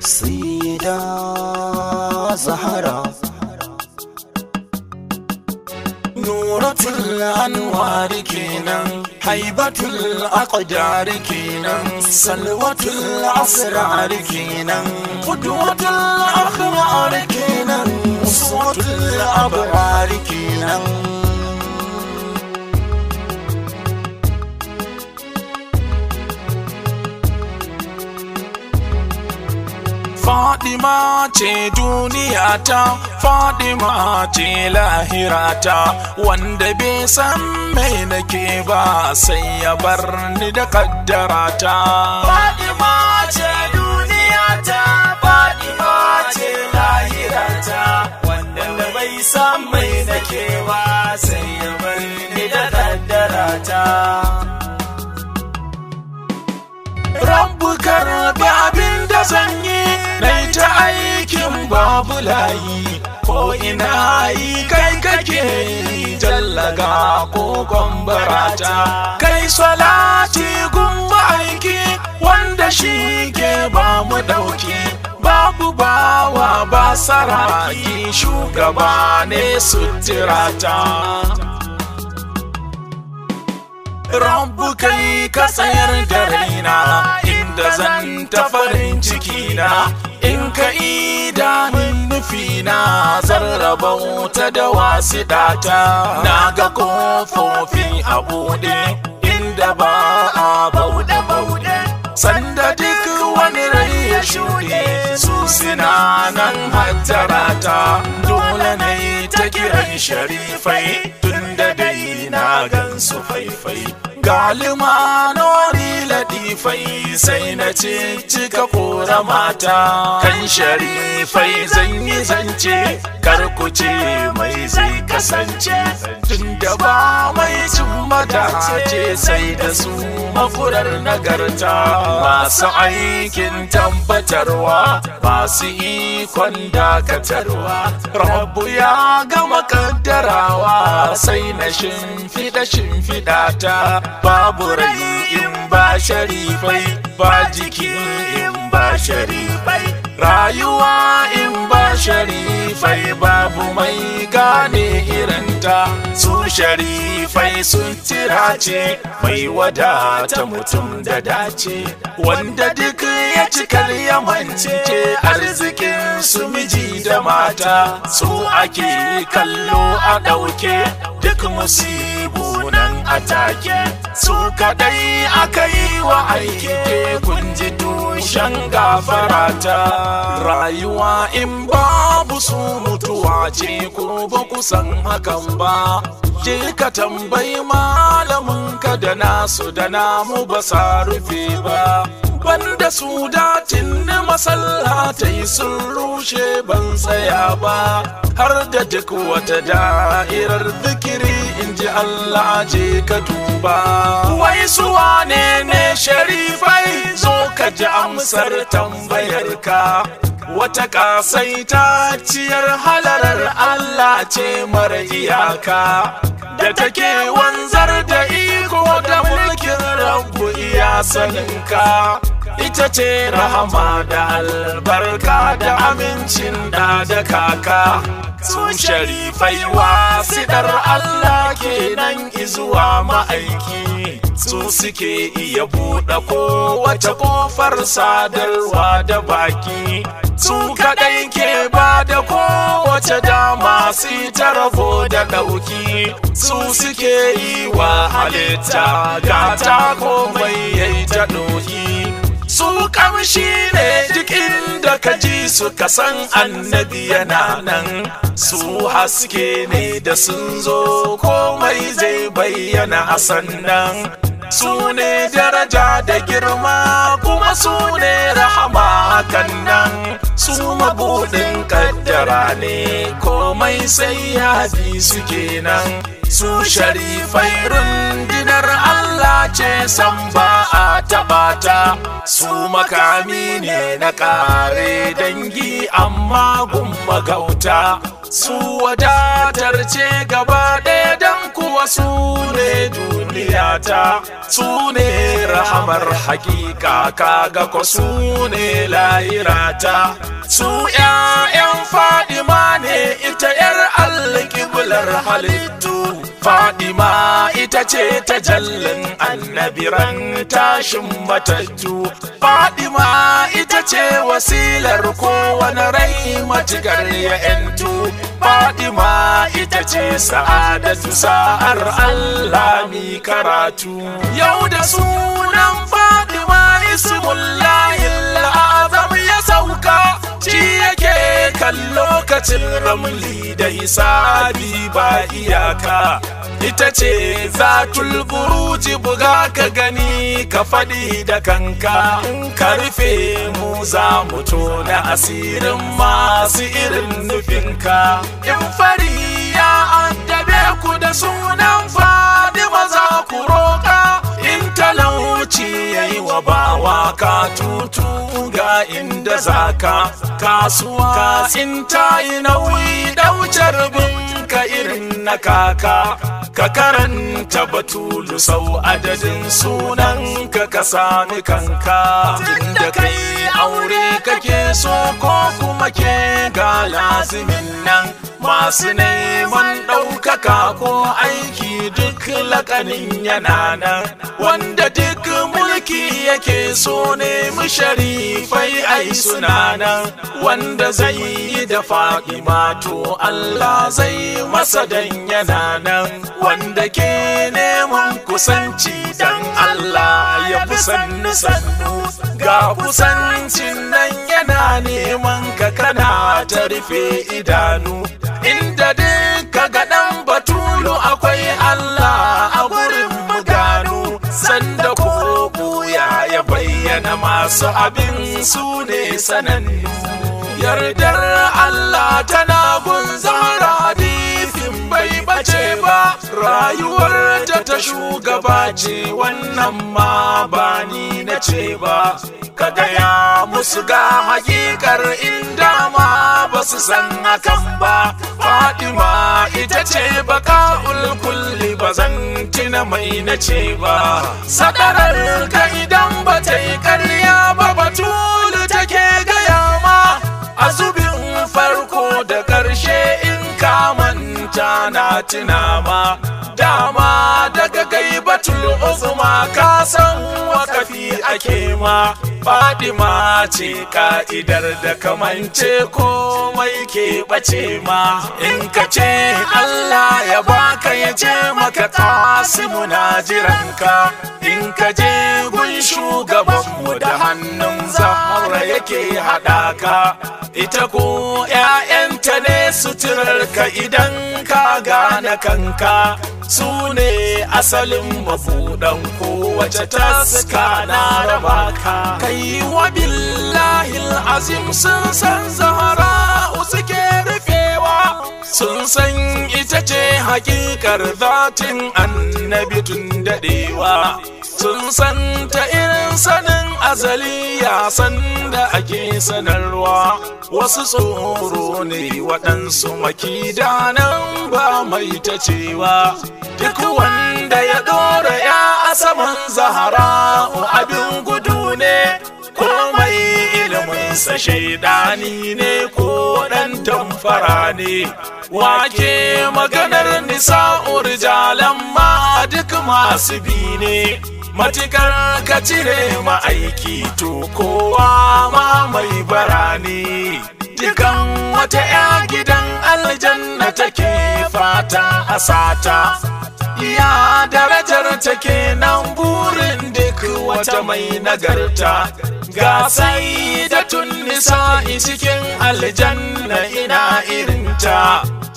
سيدة زهرة نورة الأنوار كينا هيبة الأقدار كينا سلوة الأسرار كينا قدوة الأخرار كينا أسوة الأبرار كينا Fadima ce duniya ta, Fadima ce lahira ta, wanda bai san mai nake ba sai ya bar ni da kaddara ta. Fadima ce duniya ta, Fadima ce lahira ta, wanda bai san mai nake ba sai ya bar ni da kaddara ta. Rabbu karbi abin da zan ta aikin babu layi ko ina yi kai kake jallaga ko kwambarata kai salati gumba aiki wanda shi ke ba mu ɗauki babu bawa ba saraki shugaba ne sutirata Rabbu kai ka tsayar da raina inda zan ta farin ciki ka idanun nufi na zarraba ta da wasu data na ga kofofin a bude inda ba a bauɗe bauɗe sanda duk wani rai ya shuɗe su sina nan hattarata, dole ne ta kiran sharifai tun da dai na gansu faifai galima nori latifai sai na ce cika kora mata kan sharifai zan yi zance ce mai zai kasance tun da ba mai cin mata ce sai da su mafurar nagarta masu aikin tabbatarwa masu ikon dakatarwa rabu ya gama kaddarawa sai na shimfiɗa shimfiɗa ta babu rai in ba sharifai ba jiki in ba sharifai rayuwa in ba sharifai babu mai gane irinta su sharifai sun ce mai wadata mutum da dace wanda duk ya cikar yamance arzikin su miji da mata su ake kallo a ɗauke duk musi sunan atake su kadai aka yi wa aike kunji ji tushen gafarata rayuwa in babu su mutuwa ce ko ba ku hakan ba je ka tambayi malamin ka da nasu da namu ba sa rufe ba banda su datin na masallatai sun rushe ban tsaya ba har da duk wata da'irar zikiri in ji Allah je ka duba wai su wane ne sharifai zo ka ji amsar tambayarka wata ta ciyar halarar Allah ce mara iyaka da take wanzar da iko da mulkin rabu iya saninka ita ce rahama da albarka da amincin da da kaka su sharifai sidar Allah kenan izuwa ma'aiki su suke iya buɗe kowace ƙofar sadarwa da baki su kaɗai ke ba da kowace dama su tarafo da ɗauki su suke yi wa halitta gata komai yayi ta ɗoki su kamshi ne jikin da ka ji su kasan annabi yana nan su haske ne da sun zo komai zai bayyana a sannan sune daraja da girma kuma su ne rahama hakan nan su mabuɗin kaddara ne komai sai yadi suke nan su sharifai rundunar Allah ce san ba a tabata su makami ne na ƙare dangi amma gumma gauta su wadatar ce gaba ɗaya don kuwa su ne duniyata su ne rahamar hakika kaga ko su ne lahirata su ‘ya'yan fadima ne ita ‘yar alƙiblar halittu fadima ita ce ta jallin annabiran tashin matattu fadima ita ita ce wasilar wani rai gari ya ‘yantu Fadima ita ce sa'adatu sa'ar Allah mi karatu yau da sunan Fadima ismullahin azam ya sauka ci yake kan lokacin ramli da hisabi ba iyaka ita ce za buruji buga ka gani ka faɗi da kanka in ka rufe mu za mu tona asirin masu irin nufinka in fari ya addabe ku da sunan fadima za ku roka. in talauci ya yi wa bawa ka tutu ga inda za ka. kasuwa in ta yi nauyi ɗaucar bin ka irin na kaka ka karanta batulu sau adadin sunan ka ka sami kanka inda kai aure kake so ko kuma ke ga lazimin nan masu neman ɗaukaka ko aiki duk lakanin yana nan wanda duk mulki yake so ne musharifai ai suna nan wanda zai yi da faɗi to Allah zai masa dan yana nan wanda ke neman kusanci dan Allah ya fi sannu ga kusancin nan yana neman ka kana ta rufe idanu inda dai ka ga batulu akwai Allah a gurin gano, sanda ko buya ya bayyana masu abin su ne sanannu yardar Allah tana gun rayuwar ta ta shugaba ce wannan ma ba ni na ce ba ka gaya musu ga hakikar inda ma ba su san akan ba fadima ita ce baka ulkulli ba zan tina mai na ce ba Sakarar ka idan ba ta yi karya ba batulu take gaya ma a na tuna ma dama daga kai batul uzma ka san wakafi ake ma fadima ce ka'idar da kamance komai ke bace ma in ka ce Allah ya baka ya je maka kasimu na jiranka in ka je gun shugabanmu da hannun zahara yake haɗaka ita ko 'ya'yan Mutane ne suturarka idan ka gane kanka su ne asalin mafudan kowace taska na raba ka kai wa billahil azim sun san zahara suke rufewa sun san ita ce hakikar zatin annabi tun dadewa sun san ta irin sanin azali ya san da ake sanarwa wasu tsoro ne waɗansu makida nan ba mai ta cewa duk wanda ya ɗora ya a saman zahara abin gudu ne komai sa shaidani ne ko ɗan tamfara ne wake maganar nisa urjalan ma duk masu bi ne matukar ka cire ma'aiki to kowa ma mai barani dukan wata 'ya gidan aljanna take fata a sata Ya darajar take nan burin duk wata mai nagarta ga sai da tun nisa'i cikin aljanna ina irinta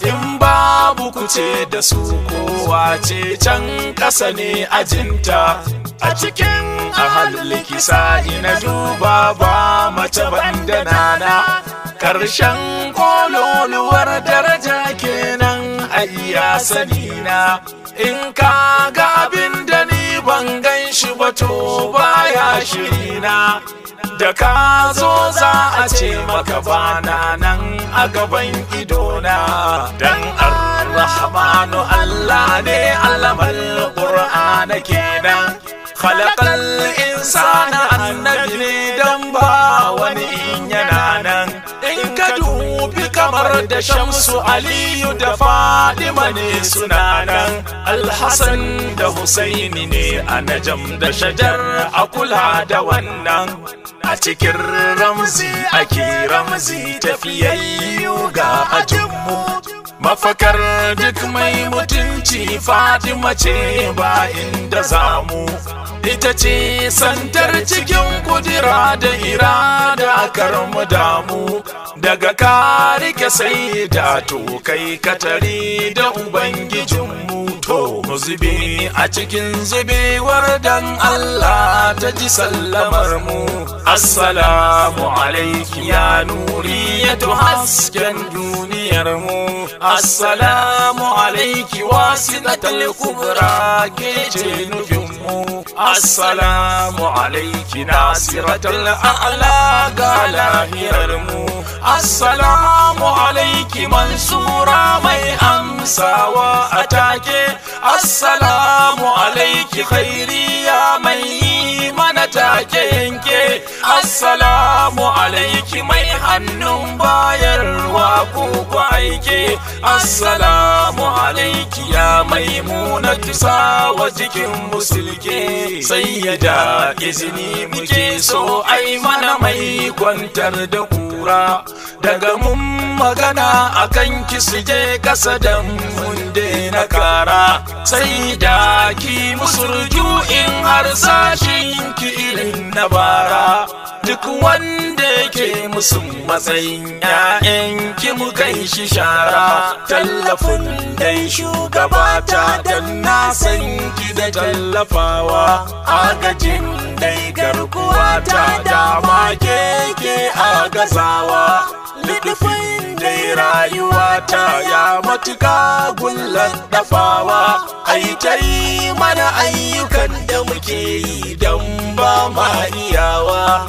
in babu kuce da su kowa ce can ƙasa ne ajinta a cikin ahalin sa'i na duba ba mace banda nana karshen kololuwar daraja kenan a iya sanina in ka ga abin da ni ban gan shi ba to baya na. da ka zo za a ce maka bana nan a gaban idona dan arrahmanu allah ne alamar qur'ana kenan khalaqal insana annabi ne dan ba wani in yana nan in ka dubi kamar da shamsu aliyu da fadima ne suna nan alhassan da husaini ne a najam da shajar a kula da wannan a cikin ramzi ake ramzi tafiyayyu ga ajinmu mafakar duk mai mutunci fatima ce ba inda zamu ita ce santar cikin kudira da irada karmu damu daga karike sai da to kai tare da ubangijinmu to zube a cikin zubewar dan Allah ta ji sallamar mu assalamu alaiki ya nuri ya hasken duniyar mu assalamu alaiki wasu na kubra ke ce nufin mu assalamu alaiki nasiratul a'la ga lahirar mu assalamu alaiki mansura mai amsawa take. assalamu alaiki khairiya mai mana take yanke assalamu alaiki mai hannun baya aiki assalamu alaiki ya maimuna tusa wa jikin musulke sai ya da izini muke so ai mana mai kwantar da kura daga mun magana akan suje kasa da mun na kara sai da ki musurju in har sashi ji na bara duk wanda yake musu matsayin ‘ya'yan ki mukan shi shara tallafin dai shugaba ta dan na san ki da tallafawa agajin dai garkuwa ta dama ke ke agazawa lidufin rayuwata ya matuka gullan dafawa yi mana ayyukan da muke yi don ba ma iyawa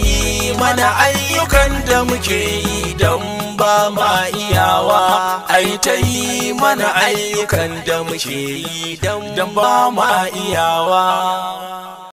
yi mana ayyukan da muke yi don ba ma iyawa yi mana ayyukan da muke yi don ba ma iyawa